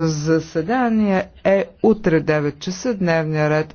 Заседание е утре 9 часа, дневния ред